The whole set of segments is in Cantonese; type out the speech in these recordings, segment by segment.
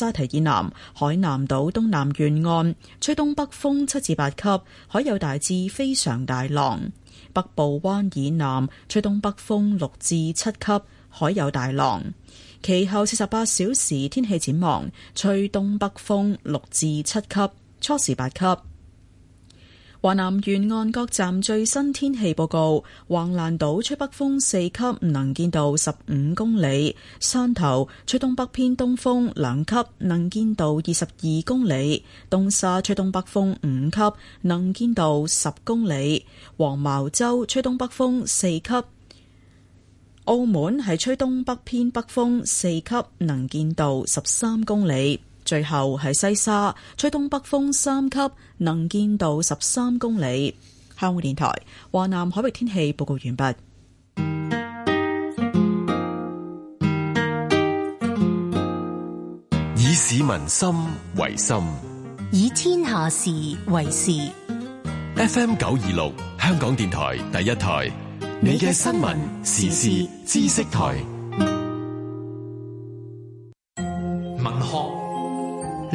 沙堤以南海南島東南沿岸吹東北風七至八級，海有大至非常大浪；北部灣以南吹東北風六至七級，海有大浪。其後四十八小時天氣展望：吹東北風六至七級，初時八級。華南沿岸各站最新天氣報告：橫瀾島吹北風四級，能見度十五公里；汕頭吹東北偏東風兩級，能見度二十二公里；東沙吹東北風五級，能見度十公里；黃茅洲吹東北風四級；澳門係吹東北偏北風四級，能見度十三公里。最後係西沙吹東北風三級，能見度十三公里。香港電台華南海域天氣報告完畢。以市民心為心，以天下事為事。FM 九二六，香港電台第一台，你嘅新聞時事知識台。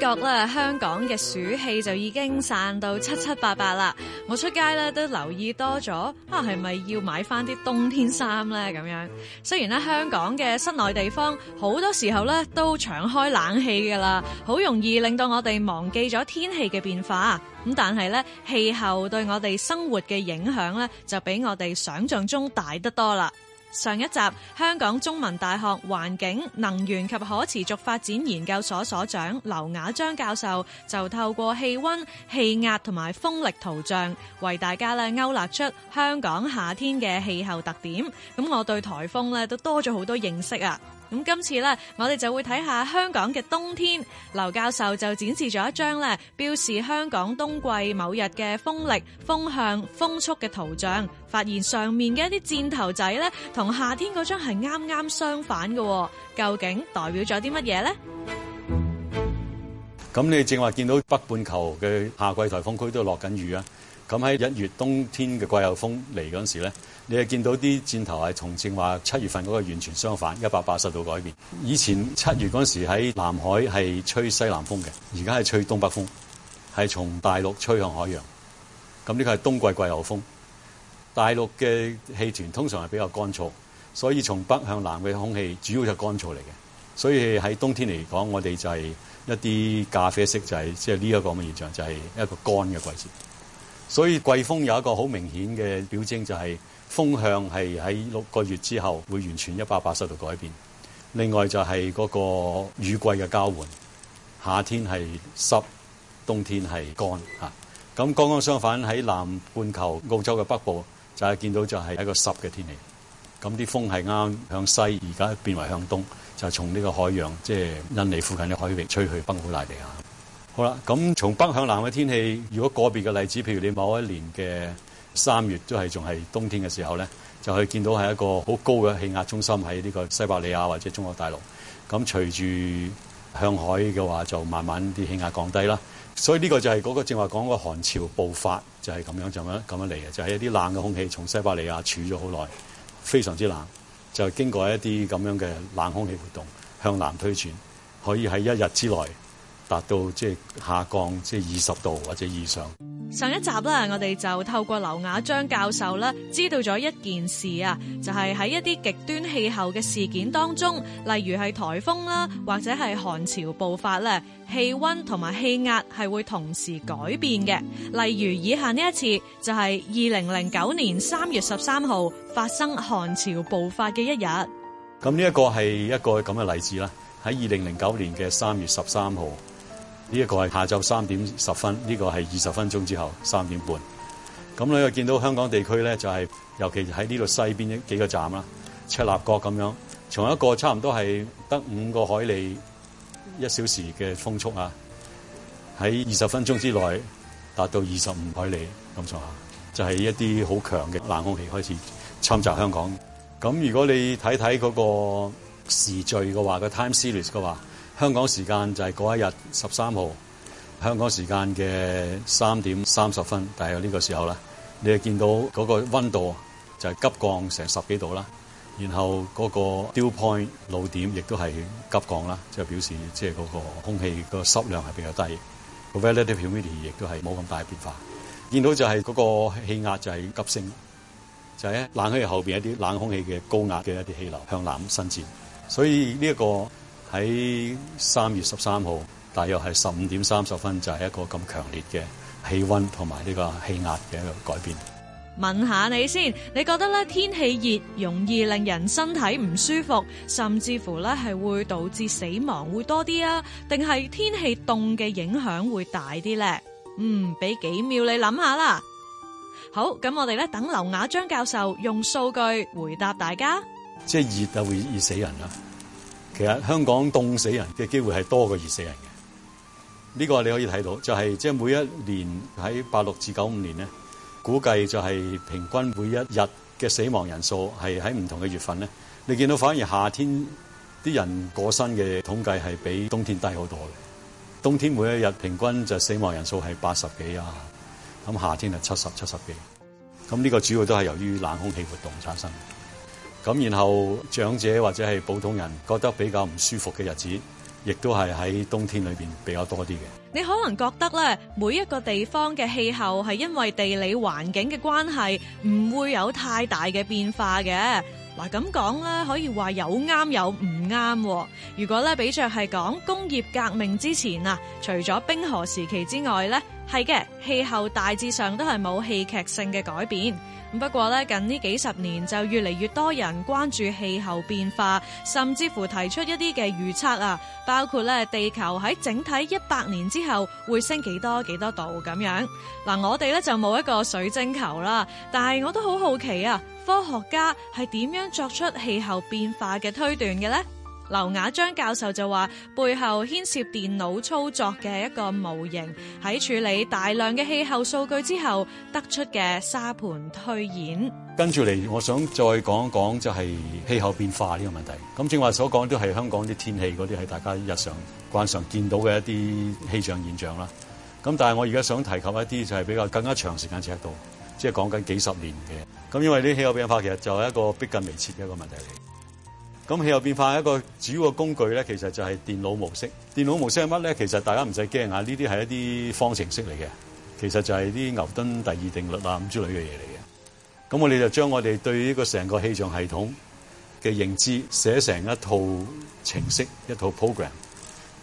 覺咧，香港嘅暑氣就已經散到七七八八啦。我出街咧都留意多咗啊，係咪要買翻啲冬天衫呢？咁樣雖然咧，香港嘅室內地方好多時候咧都長開冷氣噶啦，好容易令到我哋忘記咗天氣嘅變化咁，但係咧氣候對我哋生活嘅影響咧就比我哋想象中大得多啦。上一集，香港中文大學環境、能源及可持續發展研究所所長劉雅章教授就透過氣温、氣壓同埋風力圖像，為大家咧勾勒出香港夏天嘅氣候特點。咁我對台風咧都多咗好多認識啊！咁今次咧，我哋就會睇下香港嘅冬天。劉教授就展示咗一張咧，表示香港冬季某日嘅風力、風向、風速嘅圖像，發現上面嘅一啲箭頭仔咧，同夏天嗰張係啱啱相反嘅。究竟代表咗啲乜嘢咧？咁你正話見到北半球嘅夏季颱風區都落緊雨啊？咁喺一月冬天嘅季候風嚟嗰陣時咧，你係見到啲箭頭係同正話七月份嗰個完全相反，一百八十度改變。以前七月嗰陣時喺南海係吹西南風嘅，而家係吹東北風，係從大陸吹向海洋。咁呢個係冬季季候風，大陸嘅氣團通常係比較乾燥，所以從北向南嘅空氣主要就乾燥嚟嘅。所以喺冬天嚟講，我哋就係一啲咖啡色，就係即係呢一個咁嘅現象，就係一個乾嘅季節。所以季風有一個好明顯嘅表徵，就係、是、風向係喺六個月之後會完全一百八十度改變。另外就係嗰個雨季嘅交換，夏天係濕，冬天係乾。咁剛剛相反，喺南半球澳洲嘅北部就係見到就係一個濕嘅天氣。咁啲風係啱向西，而家變為向東，就是、從呢個海洋即係、就是、印尼附近嘅海域吹去北澳大利亞。好啦，咁從北向南嘅天氣，如果個別嘅例子，譬如你某一年嘅三月都係仲係冬天嘅時候呢，就可以見到係一個好高嘅氣壓中心喺呢個西伯利亞或者中國大陸。咁隨住向海嘅話，就慢慢啲氣壓降低啦。所以呢個就係嗰個正話講個寒潮爆發，就係、是、咁樣咁樣咁樣嚟嘅，就係、就是、一啲冷嘅空氣從西伯利亞儲咗好耐，非常之冷，就經過一啲咁樣嘅冷空氣活動向南推轉，可以喺一日之內。達到即係下降即係二十度或者以上。上一集啦，我哋就透過劉雅章教授啦，知道咗一件事啊，就係喺一啲極端氣候嘅事件當中，例如係台風啦，或者係寒潮暴發咧，氣溫同埋氣壓係會同時改變嘅。例如以下呢一次，就係二零零九年三月十三號發生寒潮暴發嘅一日。咁呢一個係一個咁嘅例子啦。喺二零零九年嘅三月十三號。呢一個係下晝三點十分，呢個係二十分鐘之後三點半。咁你又見到香港地區咧就係，尤其喺呢度西邊幾個站啦，赤鱲角咁樣，從一個差唔多係得五個海里一小時嘅風速啊，喺二十分鐘之內達到二十五海里咁上下，就係一啲好強嘅冷空氣開始侵襲香港。咁如果你睇睇嗰個時序嘅話，個 time series 嘅話。香港時間就係嗰一日十三號香港時間嘅三點三十分，大約呢個時候啦。你就見到嗰個溫度就係急降成十幾度啦，然後嗰個 dew point 露點亦都係急降啦，即係表示即係嗰個空氣個濕量係比較低，個、mm-hmm. relative humidity 亦都係冇咁大嘅變化。見到就係嗰個氣壓就係急升，就係冷氣後邊一啲冷空氣嘅高壓嘅一啲氣流向南伸展，所以呢一個。喺三月十三號，大約係十五點三十分，就係一個咁強烈嘅氣溫同埋呢個氣壓嘅一個改變。問下你先，你覺得咧天氣熱容易令人身體唔舒服，甚至乎咧係會導致死亡，會多啲啊？定係天氣凍嘅影響會大啲咧？嗯，俾幾秒你諗下啦。好，咁我哋咧等劉雅章教授用數據回答大家。即係熱啊，會熱死人啦。其實香港凍死人嘅機會係多過熱死人嘅，呢個你可以睇到，就係即係每一年喺八六至九五年咧，估計就係平均每一日嘅死亡人數係喺唔同嘅月份咧，你見到反而夏天啲人過身嘅統計係比冬天低好多嘅，冬天每一日平均就死亡人數係八十幾啊，咁夏天就七十、七十幾，咁呢個主要都係由於冷空氣活動產生。咁然後長者或者係普通人覺得比較唔舒服嘅日子，亦都係喺冬天裏面比較多啲嘅。你可能覺得咧，每一個地方嘅氣候係因為地理環境嘅關係，唔會有太大嘅變化嘅。嗱咁講咧，可以話有啱有唔啱。如果咧比着係講工業革命之前啊，除咗冰河時期之外咧，係嘅氣候大致上都係冇戲劇性嘅改變。不過咧，近呢幾十年就越嚟越多人關注氣候變化，甚至乎提出一啲嘅預測啊，包括咧地球喺整體一百年之之後會升幾多幾多度咁樣。嗱，我哋咧就冇一個水晶球啦，但係我都好好奇啊，科學家係點樣作出氣候變化嘅推斷嘅呢？劉雅章教授就話：背後牽涉電腦操作嘅一個模型，喺處理大量嘅氣候數據之後，得出嘅沙盤推演。跟住嚟，我想再講一講，就係氣候變化呢個問題。咁正話所講，都係香港啲天氣嗰啲，係大家日常慣常見到嘅一啲氣象現象啦。咁但係我而家想提及一啲，就係比較更加長時間尺度，即係講緊幾十年嘅。咁因為啲氣候變化其實就係一個逼近未切嘅一個問題嚟。咁氣候變化一個主要嘅工具咧，其實就係電腦模式。電腦模式係乜咧？其實大家唔使驚啊！呢啲係一啲方程式嚟嘅，其實就係啲牛頓第二定律啊咁之類嘅嘢嚟嘅。咁我哋就將我哋對呢個成個氣象系統嘅認知寫成一套程式，一套 program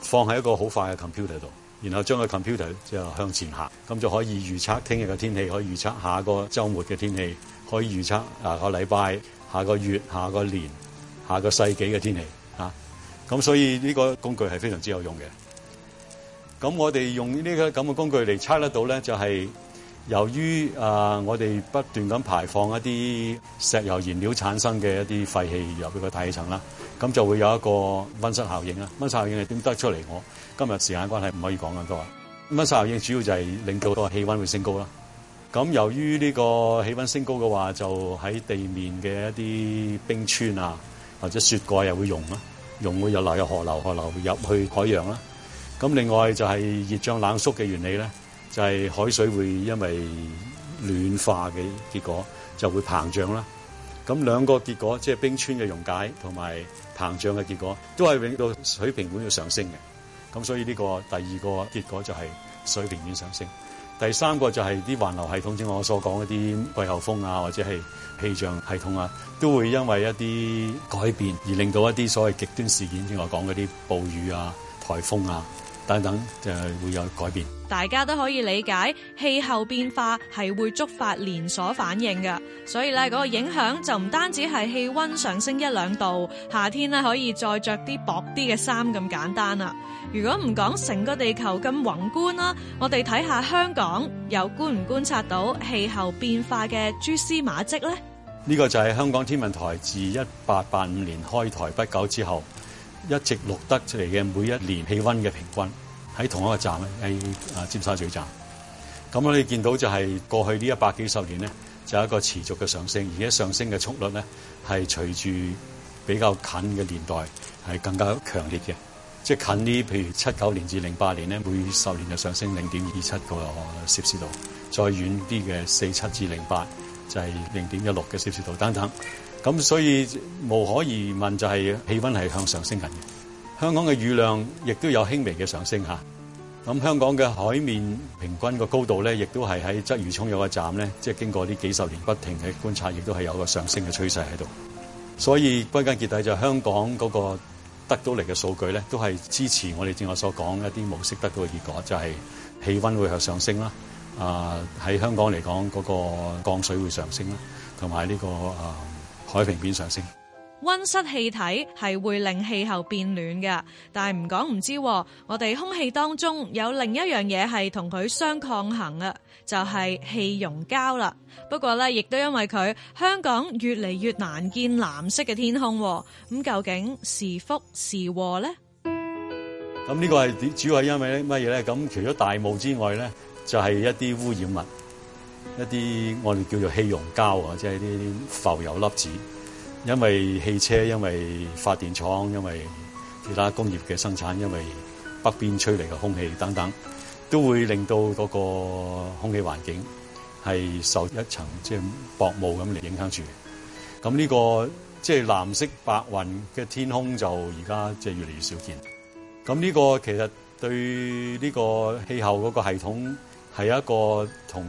放喺一個好快嘅 computer 度，然後將個 computer 向前行，咁就可以預測聽日嘅天氣，可以預測下個週末嘅天氣，可以預測下個禮拜、下個月、下個年。下個世紀嘅天氣嚇。咁、啊、所以呢個工具係非常之有用嘅。咁我哋用呢個咁嘅工具嚟測得到咧，就係、是、由於啊、呃，我哋不斷咁排放一啲石油燃料產生嘅一啲廢氣入去個大氣層啦，咁就會有一個温室效應啊。温室效應係點得出嚟？我今日時間關係唔可以講咁多。温室效應主要就係令到個氣温會升高啦。咁由於呢個氣温升高嘅話，就喺地面嘅一啲冰川啊，或者雪蓋又會溶，啦，溶會有流入河流，河流會入去海洋啦。咁另外就係熱脹冷縮嘅原理咧，就係、是、海水會因為暖化嘅結果就會膨脹啦。咁兩個結果，即、就、係、是、冰川嘅溶解同埋膨脹嘅結果，都係令到水平面要上升嘅。咁所以呢個第二個結果就係水平面上升。第三個就係啲環流系統，正如我所講嗰啲季候風啊，或者係氣象系統啊，都會因為一啲改變而令到一啲所謂極端事件，正如我講嗰啲暴雨啊、颱風啊。等等就係會有改變。大家都可以理解氣候變化係會觸發連鎖反應嘅，所以咧嗰個影響就唔單止係氣温上升一兩度，夏天咧可以再着啲薄啲嘅衫咁簡單啦。如果唔講成個地球咁宏觀啦，我哋睇下香港有觀唔觀察到氣候變化嘅蛛絲馬跡呢？呢個就係香港天文台自一八八五年開台不久之後，一直錄得出嚟嘅每一年氣温嘅平均，喺同一個站，喺啊尖沙咀站。咁我哋見到就係過去呢一百幾十年咧，就一個持續嘅上升，而且上升嘅速率咧係隨住比較近嘅年代係更加強烈嘅。即係近啲，譬如七九年至零八年咧，每十年就上升零點二七個攝氏度，再遠啲嘅四七至零八就係零點一六嘅攝氏度等等。咁所以無可疑問就係、是、氣温係向上升緊嘅。香港嘅雨量亦都有輕微嘅上升嚇。咁香港嘅海面平均個高度咧，亦都係喺鰂魚涌有個站咧，即係經過呢幾十年不停嘅觀察，亦都係有個上升嘅趨勢喺度。所以歸根結底就是、香港嗰個得到嚟嘅數據咧，都係支持我哋正我所講一啲模式得到嘅結果，就係、是、氣温會向上升啦。啊、呃，喺香港嚟講嗰、那個降水會上升啦，同埋呢個啊。呃海平面上升，溫室氣體係會令氣候變暖嘅。但係唔講唔知，我哋空氣當中有另一樣嘢係同佢相抗衡啊，就係氣溶膠啦。不過咧，亦都因為佢，香港越嚟越難見藍色嘅天空。咁究竟是福是禍呢？咁呢個係主要係因為啲乜嘢咧？咁除咗大霧之外咧，就係一啲污染物。一啲我哋叫做氣溶膠啊，即係啲浮油粒子，因為汽車，因為發電廠，因為其他工業嘅生產，因為北邊吹嚟嘅空氣等等，都會令到嗰個空氣環境係受一層即係薄霧咁嚟影響住。咁呢個即係藍色白雲嘅天空就而家即係越嚟越少見。咁呢個其實對呢個氣候嗰個系統，係一個同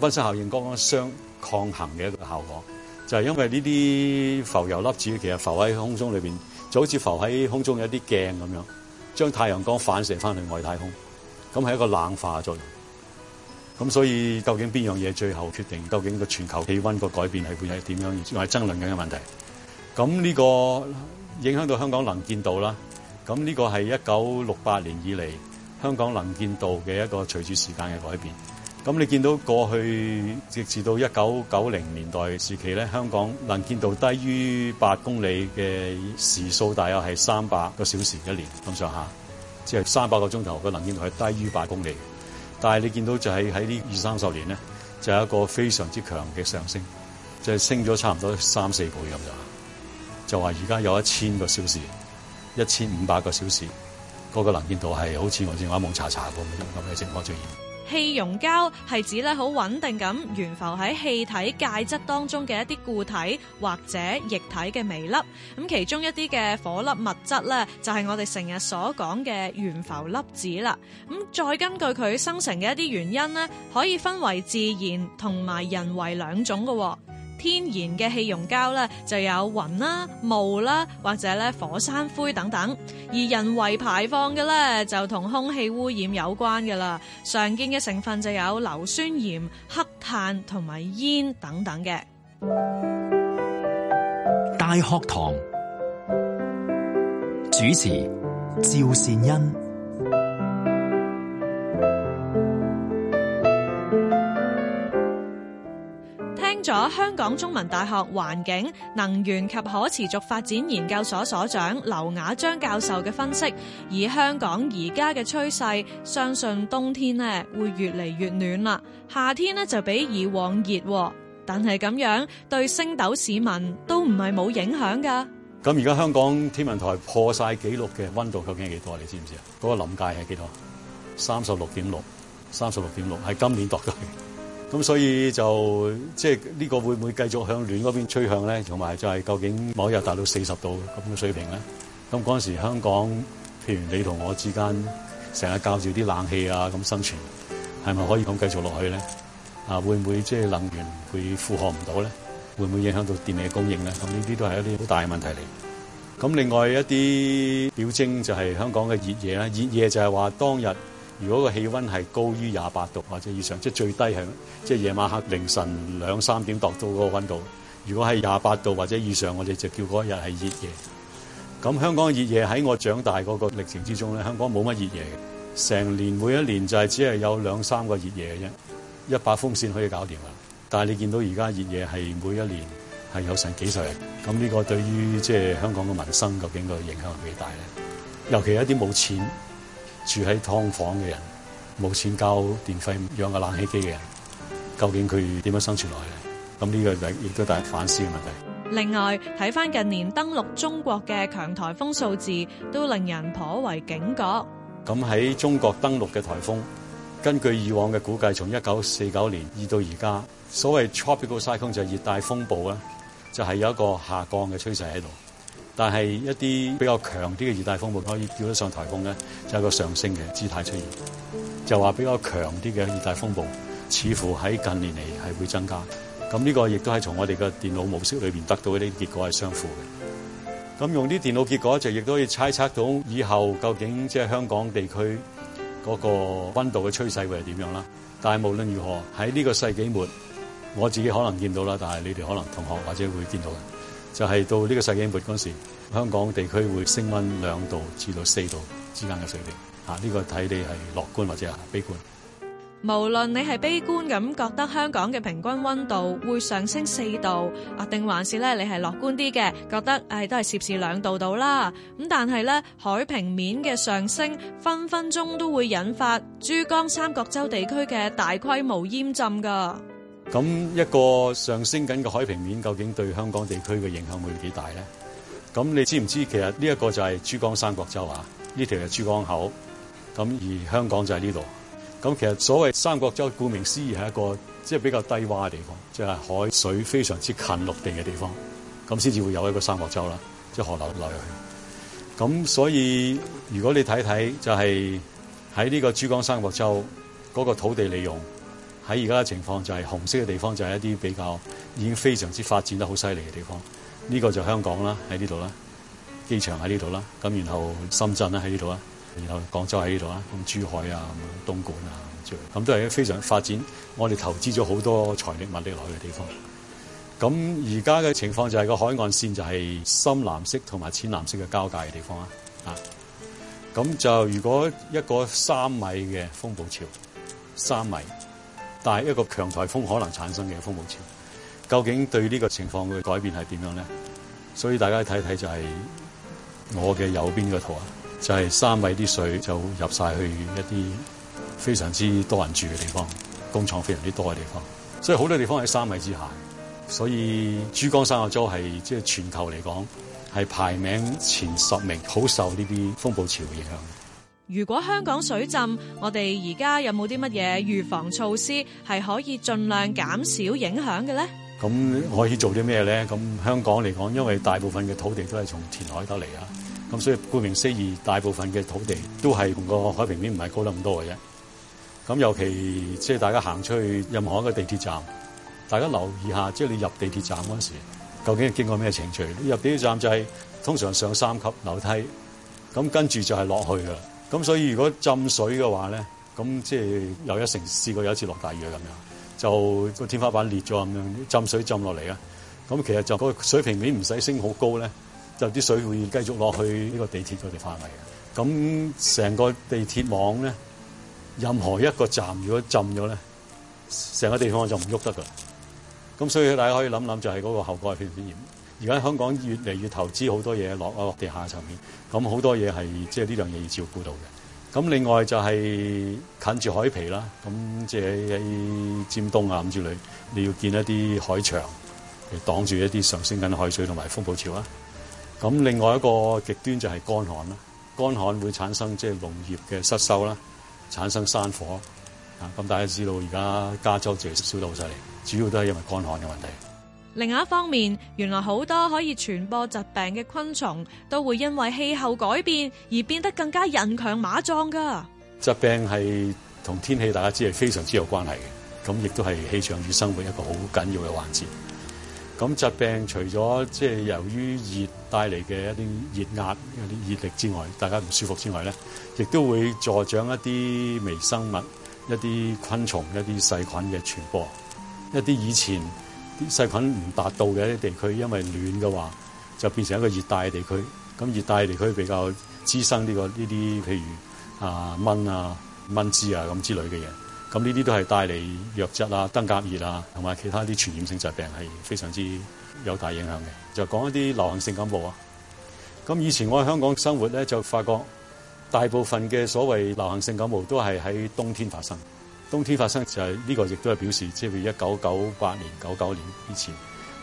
温室效應剛剛相抗衡嘅一個效果，就係因為呢啲浮油粒子其實浮喺空中裏面，就好似浮喺空中有啲鏡咁樣，將太陽光反射翻去外太空，咁係一個冷化作用。咁所以究竟邊樣嘢最後決定究竟個全球氣温個改變係會係點樣，而仲係爭論緊嘅問題。咁呢個影響到香港能見度啦。咁呢個係一九六八年以嚟。香港能見度嘅一個隨住時間嘅改變，咁你見到過去直至到一九九零年代時期咧，香港能見度低於八公里嘅時數大約係三百個小時一年咁上下，即係三百個鐘頭嘅能見度係低於八公里。但係你見到就係喺呢二三十年咧，就係一個非常之強嘅上升，就係升咗差唔多三四倍咁就，就話而家有一千個小時，一千五百個小時。個個能見度係好似我之前話蒙查查咁嘅咁嘅情況出現。氣溶膠係指咧，好穩定咁懸浮喺氣體介質當中嘅一啲固體或者液體嘅微粒。咁其中一啲嘅顆粒物質咧，就係我哋成日所講嘅懸浮粒子啦。咁再根據佢生成嘅一啲原因咧，可以分為自然同埋人為兩種嘅。天然嘅氣溶膠咧就有雲啦、霧啦，或者咧火山灰等等；而人為排放嘅咧就同空氣污染有關嘅啦。常見嘅成分就有硫酸鹽、黑炭同埋煙等等嘅。大學堂主持趙善恩。咗香港中文大學環境、能源及可持續發展研究所所長劉雅章教授嘅分析，以香港而家嘅趨勢，相信冬天咧會越嚟越暖啦，夏天咧就比以往熱，但係咁樣對星斗市民都唔係冇影響噶。咁而家香港天文台破晒紀錄嘅温度究竟係幾多？你知唔知啊？嗰個臨界係幾多？三十六點六，三十六點六係今年度到嘅。咁所以就即係呢個會唔會繼續向暖嗰邊趨向咧？同埋就係究竟某一日達到四十度咁嘅水平咧？咁嗰陣時香港，譬如你同我之間成日較住啲冷氣啊咁生存，係咪可以咁繼續落去咧？啊，會唔會即係能源會負荷唔到咧？會唔會影響到電力嘅供應咧？咁呢啲都係一啲好大嘅問題嚟。咁另外一啲表徵就係香港嘅熱夜啦，熱夜就係話當日。如果個氣温係高於廿八度或者以上，即係最低係即係夜晚黑凌晨兩三點度到嗰個温度。如果係廿八度或者以上，我哋就叫嗰一日係熱夜。咁香港嘅熱夜喺我長大嗰個歷程之中咧，香港冇乜熱夜嘅，成年每一年就係只係有兩三個熱夜嘅啫，一把風扇可以搞掂啦。但係你見到而家熱夜係每一年係有成幾十日。咁呢個對於即係香港嘅民生究竟個影響係幾大咧？尤其係一啲冇錢，住喺劏房嘅人，冇錢交電費養個冷氣機嘅人，究竟佢點樣生存落嚟？咁、這、呢個亦都大係反思嘅問題。另外，睇翻近年登陸中國嘅強台風數字，都令人頗為警覺，咁喺中國登陸嘅台風，根據以往嘅估計，從一九四九年二到而家，所謂 tropical cyclone 就係熱帶風暴咧，就係、是、有一個下降嘅趨勢喺度。但係一啲比較強啲嘅熱帶風暴可以叫得上颱風咧，就係一個上升嘅姿態出現，就話比較強啲嘅熱帶風暴似乎喺近年嚟係會增加。咁呢個亦都係從我哋嘅電腦模式裏邊得到的一啲結果係相符嘅。咁用啲電腦結果就亦都可以猜測到以後究竟即係香港地區嗰個温度嘅趨勢會係點樣啦。但係無論如何喺呢個世紀末，我自己可能見到啦，但係你哋可能同學或者會見到嘅。就係、是、到呢個世紀末嗰時，香港地區會升温兩度至到四度之間嘅水平。嚇，呢個睇你係樂觀或者悲觀。無論你係悲觀咁覺得香港嘅平均温度會上升四度啊，定還是咧你係樂觀啲嘅，覺得係、哎、都係攝氏兩度到啦。咁但係咧，海平面嘅上升分分鐘都會引發珠江三角洲地區嘅大規模淹浸㗎。咁一個上升緊嘅海平面，究竟對香港地區嘅影響會有幾大咧？咁你知唔知其實呢一個就係珠江三角洲啊，呢條係珠江口，咁而香港就喺呢度。咁其實所謂三角洲，顧名思義係一個即係比較低窪嘅地方，即係海水非常之近陸地嘅地方，咁先至會有一個三角洲啦，即係河流流入去。咁所以如果你睇睇，就係喺呢個珠江三角洲嗰個土地利用。喺而家嘅情況就係紅色嘅地方就係一啲比較已經非常之發展得好犀利嘅地方。呢個就香港啦，喺呢度啦，機場喺呢度啦。咁然後深圳啦喺呢度啦；然後廣州喺呢度啦；咁珠海啊、東莞啊咁都係非常發展。我哋投資咗好多財力物力落去嘅地方。咁而家嘅情況就係個海岸線就係深藍色同埋淺藍色嘅交界嘅地方啊。啊，咁就如果一個三米嘅風暴潮，三米。但係一個強颱風可能產生嘅風暴潮，究竟對呢個情況嘅改變係點樣咧？所以大家睇一睇就係我嘅右邊嘅圖啊，就係、是、三米啲水就入晒去一啲非常之多人住嘅地方，工廠非常之多嘅地方，所以好多地方喺三米之下。所以珠江三角洲係即係全球嚟講係排名前十名，好受呢啲風暴潮嘅影響。如果香港水浸，我哋而家有冇啲乜嘢預防措施係可以盡量減少影響嘅咧？咁可以做啲咩咧？咁香港嚟講，因為大部分嘅土地都係從填海得嚟啊，咁所以顧名思義，大部分嘅土地都係個海平面唔係高得咁多嘅啫。咁尤其即係大家行出去任何一個地鐵站，大家留意一下，即係你入地鐵站嗰陣時，究竟經過咩程序？你入地鐵站就係通常上三級樓梯，咁跟住就係落去噶啦。咁所以如果浸水嘅話咧，咁即係有一成試過有一次落大雨咁樣，就個天花板裂咗咁樣，浸水浸落嚟啊。咁其實就個水平面唔使升好高咧，就啲水會繼續落去呢個地鐵佢哋範圍嘅。咁成個地鐵網咧，任何一個站如果浸咗咧，成個地方就唔喐得噶。咁所以大家可以諗諗，就係嗰個後果係點樣。而家香港越嚟越投資好多嘢落落地下層面，咁好多嘢係即係呢兩樣要照顧到嘅。咁另外就係近住海皮啦，咁即係喺尖東啊咁之類，你要建一啲海牆嚟擋住一啲上升緊海水同埋風暴潮啊。咁另外一個極端就係乾旱啦，乾旱會產生即係農業嘅失收啦，產生山火啊。咁大家知道而家加州就係燒到好犀利，主要都係因為乾旱嘅問題。另一方面，原來好多可以傳播疾病嘅昆蟲都會因為氣候改變而變得更加人強馬壯噶。疾病係同天氣大家知係非常之有關係嘅，咁亦都係氣象與生活一個好緊要嘅環節。咁疾病除咗即係由於熱帶嚟嘅一啲熱壓、一啲熱力之外，大家唔舒服之外咧，亦都會助長一啲微生物、一啲昆蟲、一啲細菌嘅傳播，一啲以前。啲細菌唔達到嘅啲地區，因為暖嘅話，就變成一個熱帶嘅地區。咁熱帶地區比較滋生呢個呢啲，譬如啊蚊啊、蚊滋啊咁之類嘅嘢。咁呢啲都係帶嚟瘧疾啊、登革熱啊同埋其他啲傳染性疾病，係非常之有大影響嘅。就講一啲流行性感冒啊。咁以前我喺香港生活咧，就發覺大部分嘅所謂流行性感冒都係喺冬天發生。冬天發生就係、是、呢個，亦都係表示，即係譬如一九九八年、九九年以前，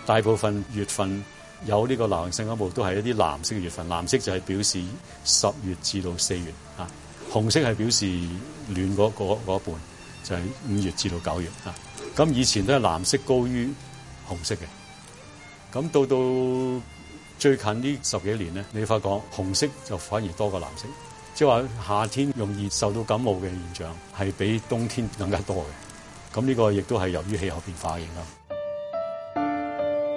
大部分月份有呢個流行性感冒都係一啲藍色嘅月份。藍色就係表示十月至到四月啊，紅色係表示暖嗰一半，就係、是、五月至到九月啊。咁以前都係藍色高於紅色嘅，咁到到最近呢十幾年咧，你發覺紅色就反而多過藍色。即係話夏天容易受到感冒嘅現象，係比冬天更加多嘅。咁、這、呢個亦都係由於氣候變化嘅影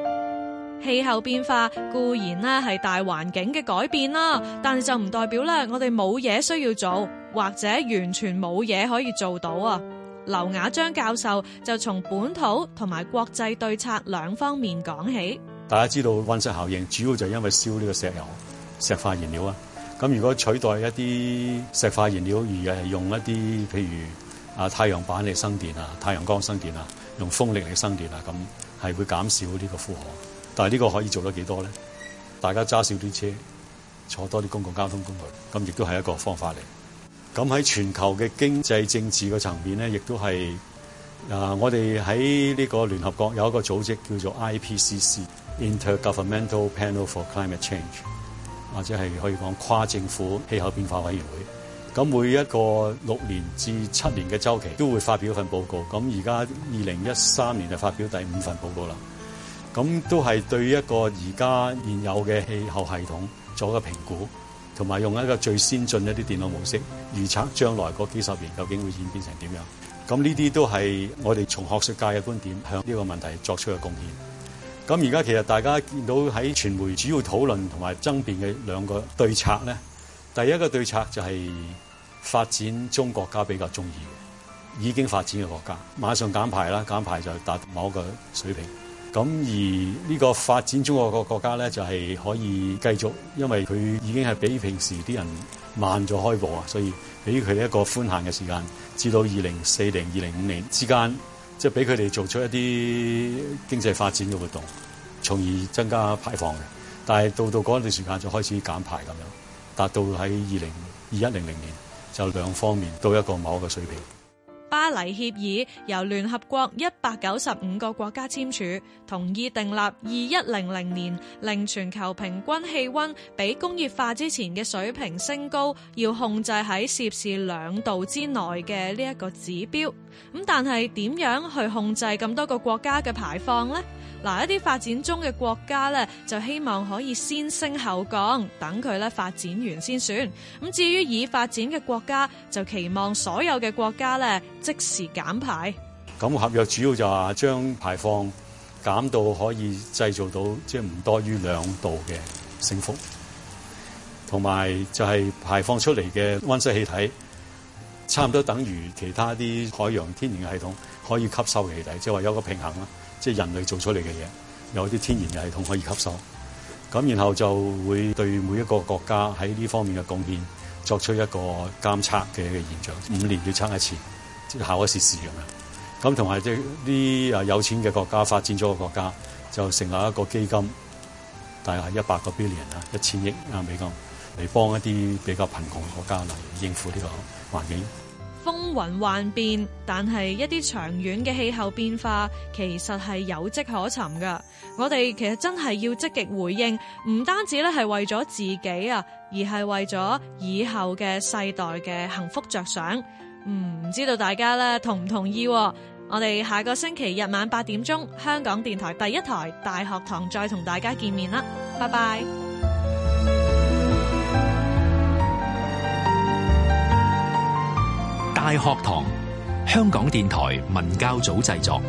響。氣候變化固然咧係大環境嘅改變啦，但係就唔代表咧我哋冇嘢需要做，或者完全冇嘢可以做到啊。劉雅章教授就從本土同埋國際對策兩方面講起。大家知道温室效應主要就係因為燒呢個石油、石化燃料啊。咁如果取代一啲石化燃料，而係用一啲譬如啊太陽板嚟生電啊、太陽光生電啊、用風力嚟生電啊，咁係會減少呢個負荷。但係呢個可以做得幾多咧？大家揸少啲車，坐多啲公共交通工具，咁亦都係一個方法嚟。咁喺全球嘅經濟政治嘅層面咧，亦都係啊，我哋喺呢個聯合國有一個組織叫做 IPCC（Intergovernmental Panel for Climate Change）。或者係可以講跨政府氣候變化委員會，咁每一個六年至七年嘅週期都會發表一份報告，咁而家二零一三年就發表第五份報告啦。咁都係對一個而家現有嘅氣候系統做一個評估，同埋用一個最先進一啲電腦模式預測將來嗰幾十年究竟會演變成點樣。咁呢啲都係我哋從學術界嘅觀點向呢個問題作出嘅貢獻。咁而家其實大家見到喺傳媒主要討論同埋爭辯嘅兩個對策咧，第一個對策就係發展中國家比較中意嘅，已經發展嘅國家馬上減排啦，減排就達到某一個水平。咁而呢個發展中國嘅國家咧，就係可以繼續，因為佢已經係比平時啲人慢咗開步啊，所以俾佢一個寬限嘅時間至到二零四零、二零五年之間。即係俾佢哋做出一啲經濟發展嘅活動，從而增加排放嘅。但係到到一段時間就開始減排咁樣，達到喺二零二一零零年就兩方面到一個某一個水平。巴黎協議由聯合國一百九十五個國家簽署，同意訂立二一零零年令全球平均氣温比工業化之前嘅水平升高要控制喺攝氏兩度之內嘅呢一個指標。咁但係點樣去控制咁多個國家嘅排放呢？嗱，一啲發展中嘅國家咧，就希望可以先升後降，等佢咧發展完先算。咁至於已發展嘅國家，就期望所有嘅國家咧即時減排。咁合約主要就話將排放減到可以製造到即係唔多於兩度嘅升幅，同埋就係排放出嚟嘅温室氣體差唔多等於其他啲海洋天然嘅系統可以吸收嘅氣體，即係話有個平衡啦。即係人類做出嚟嘅嘢，有啲天然系統可以吸收，咁然後就會對每一個國家喺呢方面嘅貢獻作出一個監測嘅嘅現象，五年要測一次，即係考一次試咁樣。咁同埋即係啲啊有錢嘅國家發展咗個國家，就成立一個基金，大概係一百個 billion 啊，一千億啊美金，嚟幫一啲比較貧窮嘅國家嚟應付呢個環境。風雲幻變，但係一啲長遠嘅氣候變化其實係有迹可尋噶。我哋其實真係要積極回應，唔單止咧係為咗自己啊，而係為咗以後嘅世代嘅幸福着想。嗯、唔知道大家咧同唔同意？我哋下個星期日晚八點鐘，香港電台第一台大學堂再同大家見面啦。拜拜。大學堂，香港電台文教組製作。.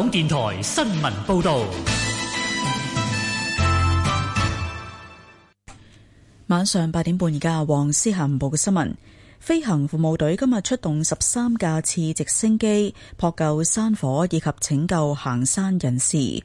港電台新聞報道：晚上八點半，而家黃思恒報嘅新聞。飛行服務隊今日出動十三架次直升機撲救山火以及拯救行山人士。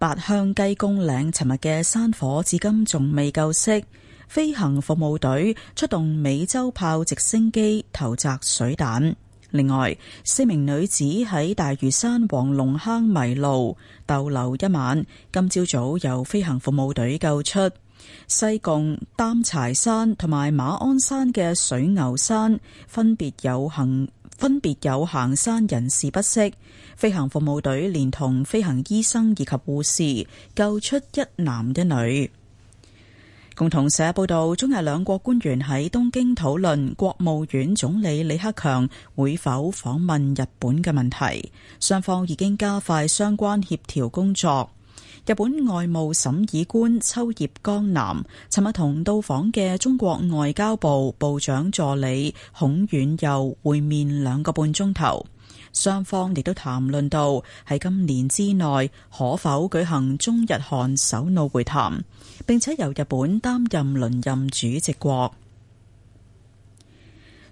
八鄉雞公嶺尋日嘅山火至今仲未救熄，飛行服務隊出動美洲豹直升機投擲水彈。另外，四名女子喺大嶼山黃龍坑迷路逗留一晚，今朝早由飛行服務隊救出。西貢擔柴山同埋馬鞍山嘅水牛山分別有行分別有行山人士不適，飛行服務隊連同飛行醫生以及護士救出一男一女。共同社報道，中日兩國官員喺東京討論國務院總理李克強會否訪問日本嘅問題，雙方已經加快相關協調工作。日本外務審議官秋葉江南尋日同到訪嘅中國外交部部長助理孔鉉佑會面兩個半鐘頭。雙方亦都談論到喺今年之內可否舉行中日韓首腦會談，並且由日本擔任輪任主席國。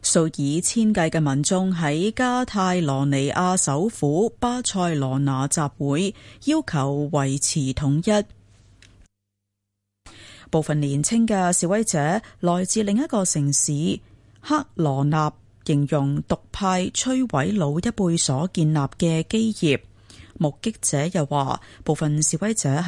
數以千計嘅民眾喺加泰羅尼亞首府巴塞羅那集會，要求維持統一。部分年輕嘅示威者來自另一個城市克羅納。形容獨派摧毀老一輩所建立嘅基業，目擊者又話部分示威者係。